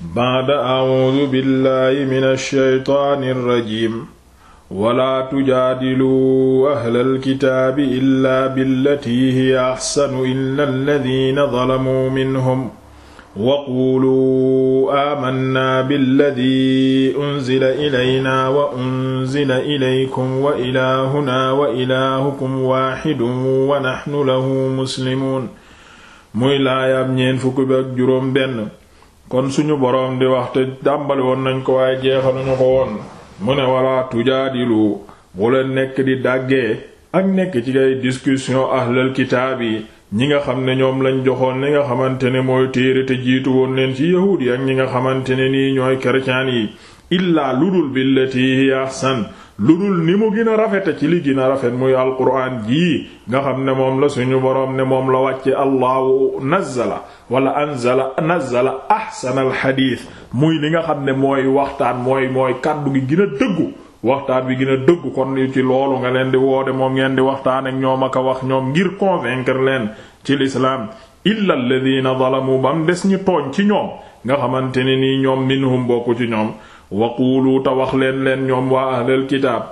baada awuudu billaahi min alsheytaani alrajim walaa tujaadiluu ahla alkitaabi illaa billatii hiya axsanu illa alladina dalamuu minhum waquuluu aamannaa billadii unzila ilayna wa unzila ilaykum wa ilaahunaa wa ilaahukum waaxidun wa naxnu lahu muslimuun muy laayaab ñeen fukki ak juróom benn kon suñu boroom di wax te dàmbali woon nañ ko waaye jeexaluñu ko woon mu ne wala tujaadilu bu leen nekk di dàggee ak nekk ci ay discussion ahlal kitaab yi ñi nga xam ne ñoom lañ joxoon li nga xamante ne mooy téere te jiitu woon leen ci yahuud yi ak ñi nga xamante ne nii ñooy chrétien yi illaa ludul billati hiya ahsan ludul ni mu gën a rafete ci li gën a rafet muy alquraan jii nga xam ne moom la suñu boroom ne moom la wàcce allahu nazzala wala anzala nazzala ahsana alxadiis muy li nga xam ne mooy waxtaan mooy mooy kàddu gi gën a dëggu waxtaan bi gën a dëgg kon ci loolu nga leen di woote moom ngeen di waxtaan ak ñoom ak a wax ñoom ngir convaincre leen ci lislaam illa alladhina zalamu bam des ñi tooñ ci ñoom nga xamante ne nii ñoom minhum bokku ci ñoom waquulu te wax leen leen ñoom waa ahlal kitaab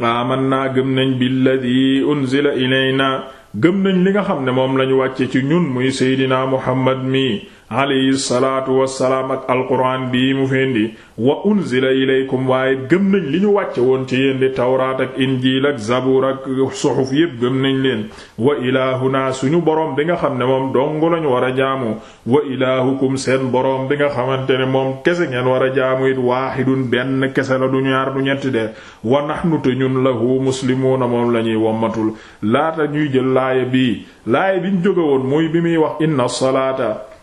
aman naa gëm nañ billadi unzila ilayna gëm nañ li nga xam ne moom lañu wàcce ci ñun muy seydinaa muhammad mii alayhi salaatu wassalaam ak alquran bii mu fendi wa unzila ilaykum waaye gëm nañ li ñu wàcce woon ci yéen di tawraat ak injiil ak zabuur ak suxuf yépp gëm nañ leen wa ilaahuna suñu boroom bi nga xam ne moom dong lañu war a jaamu wa ilaahukum seen boroom bi nga xamante ne moom kese ngeen war a jaamu it waahidun benn kese la du ñaar du ñetti de wa nahnu te ñun lahu muslimuuna moom lañuy wommatul laata ñuy jël laaya bii laaya biñ jóge woon muy bi muy wax inna salaata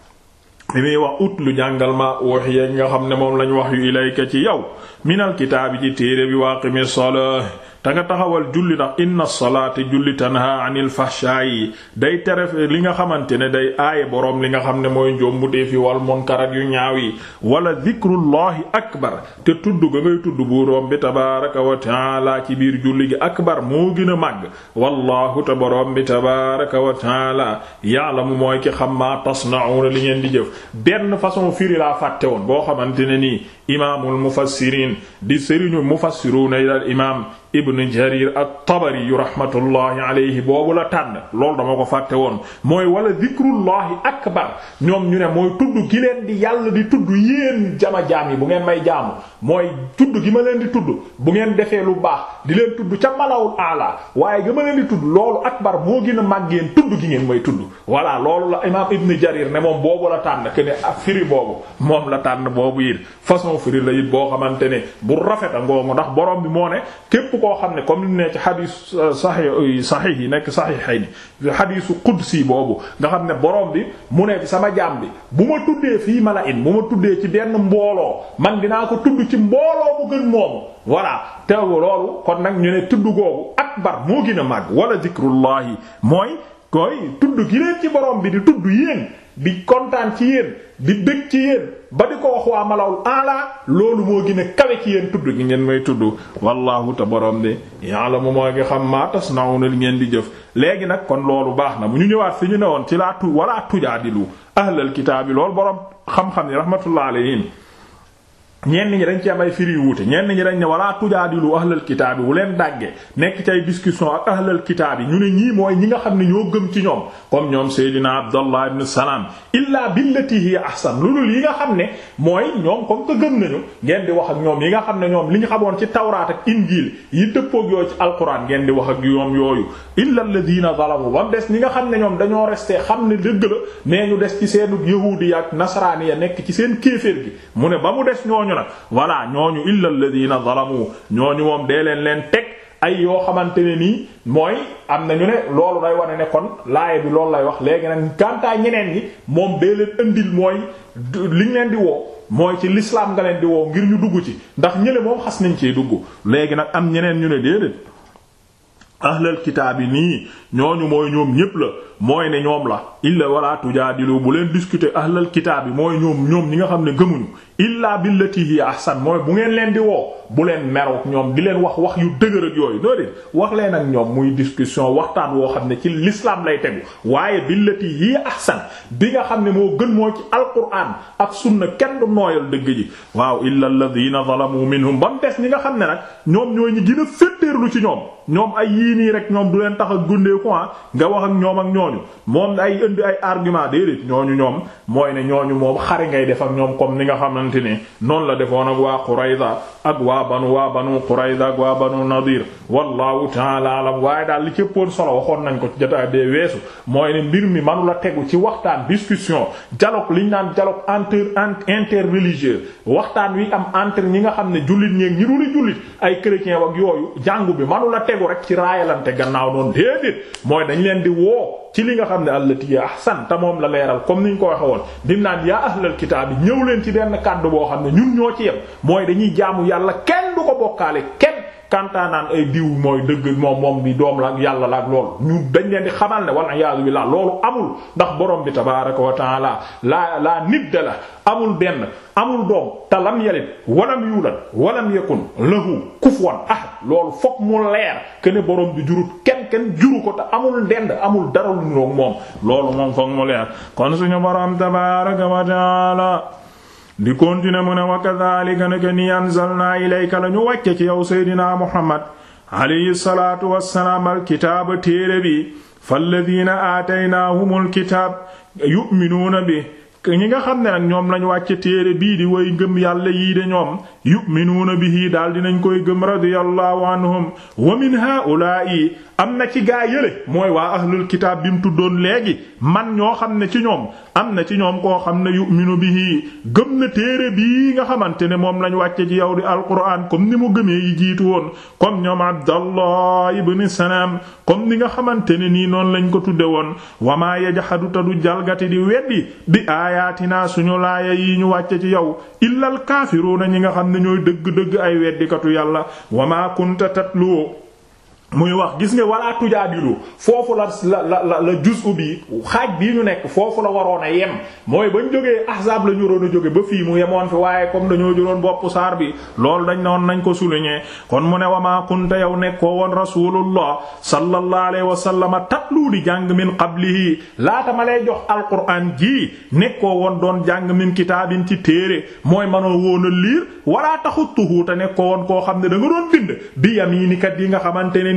li muy wax ut lu jàngal ma uhiya nga xam ne moom lañ wax yu ilayka ci yow minal kitaabi ci téere bi mi salaa te nga taxawal julli ndax inna salaata julli tanha anil fahshaayi day tere li nga xamante ne day aaye boroom li nga xam ne mooy njombu deefi wal munkar ak yu ñaaw yi wala dikrullahi akbar te tudd tudd boroom bi tabaaraka wa taala ci biir julli gi akbar moo gën a màgg wallahu te boroom bi tabaaraka wa taala ya'lamu mooy ki xam maa tasna'una li ngeen di jëf benn façon firi laa fàtte woon boo xamante ne nii imaamul mufassiriin di sëriñu mufassiruuna dal imaam ibnu jarir at-tabari yu rahmatullahi alayhi boobu la tànn loolu dama ko fàtte woon mooy wala zikrullahi akbar ñoom ñu ne mooy tudd gi leen di yàlla di tudd yéen jama jaam yi bu ngeen may jaamu mooy tudd gi ma leen di tudd bu ngeen defee lu baax di leen tudd ca malawul ala waaye gi ma leen di tudd loolu akbar moo gën a màggeen tudd gi ngeen may tudd voilà loolu la imaam Ibn Jarir ne moom boobu la tànn que ne ak firi boobu moom la tànn boobu it façon firi la it boo xamante ne bu rafet a ndax boroom bi moo ne képp koo xam ne comme li ne ci xadiis euh, saxi euh, saxix yi nekk saxixay ni xadiisu qudsi boobu nga xam ne borom bi mu ne sama jaam bi bu ma tuddee fii mala in bu ma tuddee ci benn mbooloo man dinaa ko tudd ci mbooloo bu gën moomu voilà teewu loolu kon nag ñu ne tudd googu akbar moo gën a màgg wala zikrullahi mooy koy tudd gi leen ci borom bi di tudd yéen di kontaan ci yéen di bëgg ci yéen ba di ko wax waa malawul ala loolu moo gën a kawe ci yéen tudd gi ngeen may tudd wallahu te borom bi ya'lamu moo ngi xam maa tasna'una li ngeen di jëf léegi nag kon loolu baax na bu ñu ñëwaat fi ñu newoon ci laa tu walaa tujaadilu ahlal kitaabi loolu borom xam-xam ni rahmatullah alayhim ñenn ñi dañ ci am ay firi wuute ñenn ñi dañ ne wala tujaadilu ahlal kitaab yi bu leen dàggee nekk ci ay discussion ak ahlal kitaab yi ñu ne ñii mooy ñi nga xam ne ñoo gëm ci ñoom comme ñoom Seydina Abdallah ibn Salam illaa billati hiya ahsan loolu yi nga xam ne mooy ñoom comme que gëm nañu ngeen di wax ak ñoom yi nga xam ne ñoom li ñu xamoon ci tawraat ak injiil yi dëppoog yooyu ci alquran ngeen di wax ak ñoom yooyu illa alladina zalamu ba mu des ñi nga xam ne ñoom dañoo resté xam ne dëgg la mais ñu des ci seenu yahuudi ak nasraani ya nekk ci seen kéeféer mu ne ñooñu nag voilà ñooñu illa alladina zalamu ñooñu woon dee leen leen teg ay yoo xamante ne nii mooy am na ñu ne loolu day wane ne kon laaya bi loolu lay wax léegi nag gàntaa ñeneen ñi moom dee leen indil mooy liñ leen di woo mooy ci lislaam nga leen di woo ngir ñu dugg ci ndax ñële moom xas nañ ciy dugg léegi nag am ñeneen ñu ne déedéet ahlal kitaab yi nii ñooñu mooy ñoom ñépp la mooy ne ñoom la illa wala tujaadilu bu leen discuter ahlal kitaab yi mooy ñoom ñoom ñi nga xam ne gëmuñu illa billati hi ahsan mooy bu ngeen leen di woo bu leen merook ñoom di leen wax wax yu dëgër yooyu noo wax leen ak ñoom muy discussion waxtaan woo xam ne ci lislaam lay tegu waaye billati hi ahsan bi nga xam ne moo gën moo ci alquran ak sunna kenn du nooyal dëgg ji waaw illa alladhina zalamu minhum ba mu des ñi nga xam ne nag ñoom ñooy ñi gën a féttéerlu ci ñoom ñoom ay yii rek ñoom du leen tax a gundee ko ah, nga wax ñoom ak ñoom ñooñu moom ay indi ay argument déedéet ñooñu ñoom mooy ne ñooñu moom xare ngay def ñoom comme ni nga xamante ni noonu la defoon ak waa Qurayza ak waa banu waa banu Qurayza ak waa banu Nadir wallahu ta'ala alam waaye daal li cëppoon solo waxoon nañ ko ci jotaay bee weesu mooy ne mbir mi manu la tegu ci waxtaan discussion dialogue liñ naan dialogue entre interreligieux waxtaan wi am entre ñi nga xam ne jullit ñeek ñi dul jullit ay chrétien ak yooyu bi manu la tegu rek ci raayalante gannaaw noonu déedéet mooy dañ ci li nga xam ne allati ahsan te moom la leeral comme ni ñu ko waxe woon bim naan yaa ahlal kitaab yi ñëw leen ci benn kàddu boo xam ne ñun ñoo ci yem mooy dañuy jaamu yàlla kenn du ko bokkaale kenn kantaanaan ay diw mooy dëgg moom moom bi doom la ak yàlla la ak loolu ñu dañ leen di xamal ne wala iyaazu billaah loolu amul ndax borom bi tabaaraka wa taala laa laa nidda la amul benn amul doom te lam yalit walam yuulad walam yakun lahu kufuwan ahad loolu fokk mu leer ne boroom bi jurut kenn kenn juru ko te amul dend amul dara lu ñu moom loolu moom fokk mu leer kon suñu borom tabaaraka wa taala di continuer mu ne wa kadhalika naka ni anzalna ilayka la ñu wàcce ci yow seydinaa muhammad alayhi salaatu wassalaam alkitaaba téere bi falladiina aataynaahumul kitaab yu'minuuna bi ñi nga xam ne nag ñoom lañ wàcce téere bii di way ngëm yàlla yii de ñoom yu'minuuna bihi daal dinañ koy gëm radiyallahu anhum wa min haa'ulaa'i am na ci gaa yële mooy waa ahlul kitaab bi mu tuddoon léegi man ñoo xam ne ci ñoom am na ci ñoom koo xam ne yu'minu bihi gëm na téere bii nga xamante ne moom lañ wàcce ci yow di alquran comme ni mu gëmee yi jiitu woon comme ñoom abdallah ibn salam comme ni nga xamante ne nii noonu lañ ko tudde woon wamaa yajhadu tadu jalgati di weddi bi naa suñu laaya yi ñu wàcce ci yow illal kaafiruuna ñi nga xam ne ñooy dëgg-dëgg ay weddikatu yàlla muy wax gis nga wala tujaadilu foofu la la la la juzu bi xaaj bii ñu nekk foofu la waroon a yem mooy bañ jógee ahzaab la ñu waroon a jóge ba fii mu yemoon fi waaye comme dañoo jëloon bopp saar bi lool dañ noon nañ ko souligner kon mu ne wa maa kunta yow nekkoo woon rasulullah sallallahu alayhi wa sallam tatlu di jàng min qablihi laata ma lay jox alquran jii nekkoo woon doon jàng min kitaabin ci téere mooy manoo woon a liir wala taxuttuhu te nekkoo woon koo xam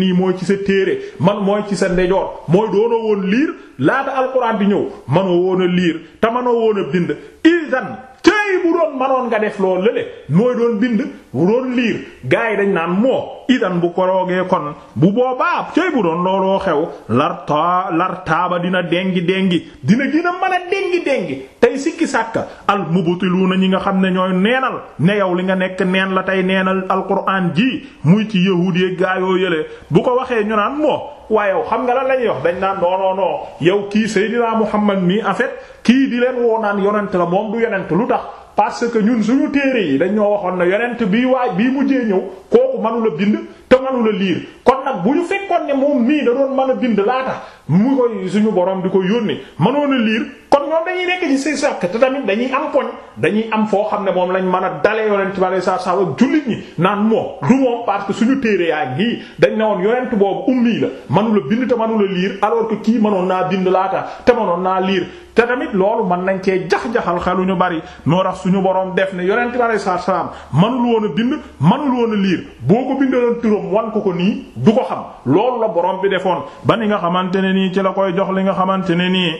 nii mooy ci sa téere man mooy ci sa ndejoor mooy doonoo woon liir laata alxuraan bi ñëw manoo woon liir te manoo woon a bind idan tey bu doon manoon nga def loolu lële mooy doon bind bu doon liir gars yi dañ naan moo idan bu ko roogee kon bu boobaa cëy bu doon looloo xew lar ta lar taaba dina dengi dengi dina gën a mën a dengi dengi tey sikki sàkka al mubtiluuna ñi nga xam ne ñooy neenal ne yow li nga nekk neen la tey neenal alquran ji muy ci yahuudi gaa yoo yële bu ko waxee ñu naan moo waaye yow xam nga la lañuy wax dañ naan non non non yow kii Seydina Muhammad mi en fait kii di leen woo naan yonent la moom du yonent lu tax parce que ñun suñu téere yi dañoo waxoon na yonent bii waay bii mujjee ñëw kooku mënu la bind te mënu la liir kon nag bu ñu fekkoon ne moom nii da doon mën a bind laata mu koy suñu borom di ko yónnee mënoon a liir. kon ñoom dañuy nekk ci seen sàkk te tamit dañuy am poñ dañuy am foo xam ne moom lañ mën a dalee yonent bi saa saa ak naan moom du parce que suñu téere yaa ngi dañ ne woon yonent boobu ummi la mënu la bind te mënu liir alors que kii mënoon naa bind laata te mënoon naa liir. te loolu mën nañ cee jax-jaxal xelu ñu bari noo tax suñu boroom def ne yonent bi alayhi salaam mënul woon a bind mënul woon a liir boo ko bindaloon turam wan ko ko nii du ko xam loolu la boroom bi defoon ba ni nga xamante ne nii ci la koy jox li nga xamante ne nii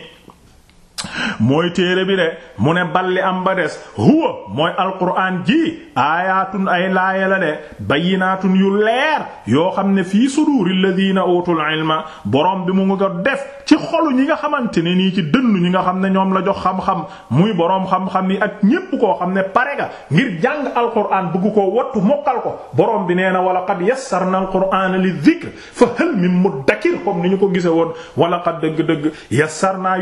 mooy téere bi de mu ne balli am ba des huwa mooy alquran ji aayaatun ay laaya la de bayyinaatun yu leer yoo xam ne fii suduuril ladiina utul ilma borom bi mu ngi ko def ci xolu ñi nga xamante ne nii ci dënnu ñi nga xam ne ñoom la jox xam-xam muy boroom xam-xam yi ak ñépp koo xam ne pare ga ngir jàng alquran bëgg ko wattu mokkal ko borom bi nee na wala qad yassarna alquran li dhikr fa hal min muddakir comme ni ñu ko gisee woon wala qad dëgg-dëgg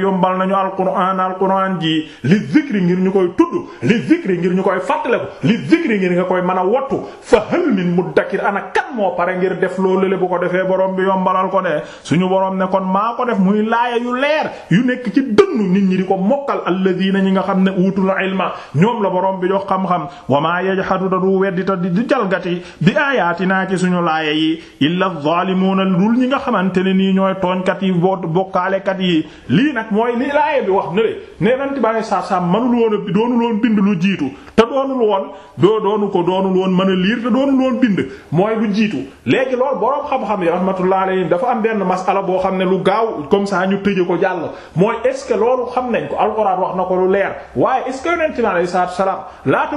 yombal nañu alquran alquran ji li zikri ngir ñu koy tudd li zikri ngir ñu koy a wottu fa hal moo pare ngir def loolu le bu ko defee borom bi yombalal ko de suñu borom ne kon maa ko def muy laaya yu leer yu nekk ci dënnu nit ñi di ko mokkal alladina ñi nga xam ne utul ilma ñoom la borom bi jox xam-xam wa maa yajhadu du weddita di jalgati bi ayatina ci suñu laaya yi illa zalimuuna dul ñi nga xamante ne nii ñooy tooñkat yi bokkaalekat yi lii nag mooy li laaya bi ne le ne nanti bàyyi saaf saaf manul woon a doonul woon bind lu jiitu te doonul woon doo doonu ko doonul a liir te doonul woon bind mooy lu jiitu léegi loolu boroom xam-xam yi rahmatullah alayhi dafa am benn masala boo xam ne lu gaaw comme ça ñu tëje ko jàll mooy que loolu xam nañ ko alxuraan wax na ko lu leer waaye est ce que yonent bi alayhi salaatu salaam naa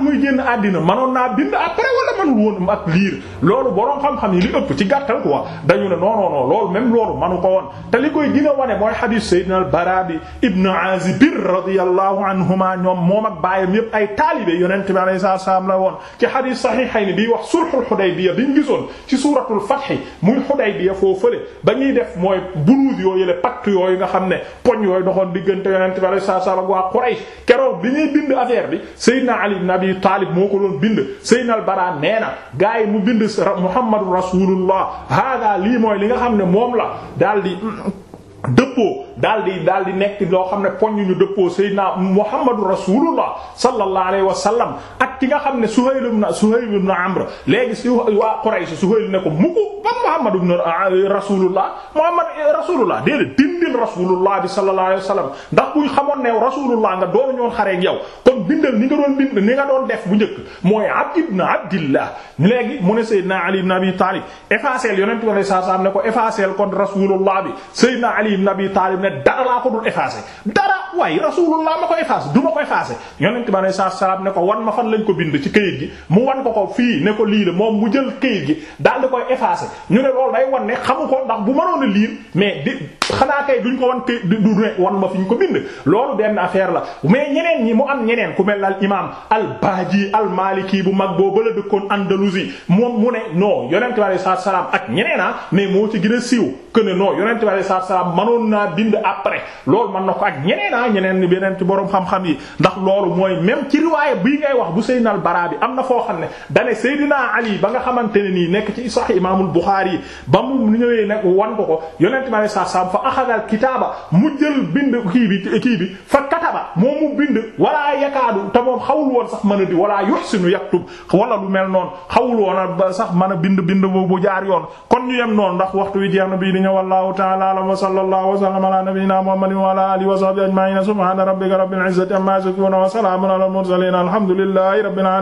bind après wala manul woon ak liir loolu boroom xam-xam yi li ëpp ci gàttal quoi dañu ne non non non manu ko woon te li koy gën a wane mooy hadith sayyidina al ibn Azib Aazibir radiyallahu anhuma ñoom moom ak baayam yépp ay taalibe yonent bi alayhi salaam la woon ci xadiis saxiixayni bi wax sulhul Xudaybiya bi ñu gisoon ci suuratul Fath muy Xudaybiya foofu fële ñuy def mooy bunuud yooyu la pacte yooyu nga xam ne poñ yooyu doxoon diggante yonent bi alayhi salaam ak waa Quraysh keroog bi ñuy bind affaire bi Seydina Ali ibn Abi Taalib moo ko doon bind Seydina al-Baraa nee na gaa yi mu bind Muhammadu Rasuulullah haadaa lii mooy li nga xam ne moom la daldi dëppoo daal di daal di nekk loo xam ne poñ ñu dëppoo Seydina Muhammadu Rasulullah sallallahu alayhi wa sallam ki nga xam ne Suhayl ibn Suhayl ibn Amr léegi si waa Quraysh Suhayl ne ko mu ko ba Muhammad ibn ah, Rasulullah Muhammad eh, Rasulullah déedéet dindil Rasulullah bi sallallahu alayhi wasallam ndax kuy xamoon ne Rasulullah nga doon ñoon xaree ak yow kon bindal ni nga doon bind ni nga doon def bu njëkk mooy Abd ibn Abdillah léegi mu ne Seydina Ali ibn Abi Talib effacer yonent bi sallallahu alayhi wasallam ko effacer kon Rasulullah bi Seydina Ali ibn Abi Talib ne dara laa ko dul effacer dara waaye rasulullah ma koy faase du ma koy faase yonent bi alayhi salaam ne ko wan ma fan lañ ko bind ci këyit gi mu wan ko ko fii ne ko lii la moom mu jël këyit gi daal di koy effacer ñu ne loolu day wan ne xamu ko ndax bu mënoon a liir mais di xanaa kay duñ ko wan kay du ne wan ma fi ñu ko bind loolu benn affaire la mais ñeneen ñi mu am ñeneen ku mel al imam al baaji al maliki bu mag boo bala dëkkoon Andalousie moom mu ne non yonent bi alayhi salaatu salaam ak ñeneen ah mais moo ci gën a siiw que ne non yonent bi alayhi salaatu salaam mënoon naa bind après loolu mën na ko ak ñeneen ah ñeneen ni beneen ci boroom xam-xam yi ndax loolu mooy même ci riwaaya bii ngay wax bu Seydina al Baraa bi am na foo xam ne dane Seydina Ali ba nga xamante ne nii nekk ci Sahih Imaamul Buxaari yi ba mu ñëwee nag wan axadal kitaaba mu jël bind kii bi kii bi fa kataba moom mu bind walaa yakaadu te moom xawul woon sax mën a di walaa yuhsinu yaktub wala lu mel noonu xawul woon a sax mën a bind bind bu jaar yoon kon ñu yem noonu ndax waxtu wi jeex na bii di ñëw wallahu ta'ala a'lam wa sallallahu wa sallama ala nabiyyina muhammadin wa ala alihi wa sahbihi ajma'in subhana rabbika rabbil izzati amma yasifun wa salamun ala al mursalin alhamdulillahi rabbil alamin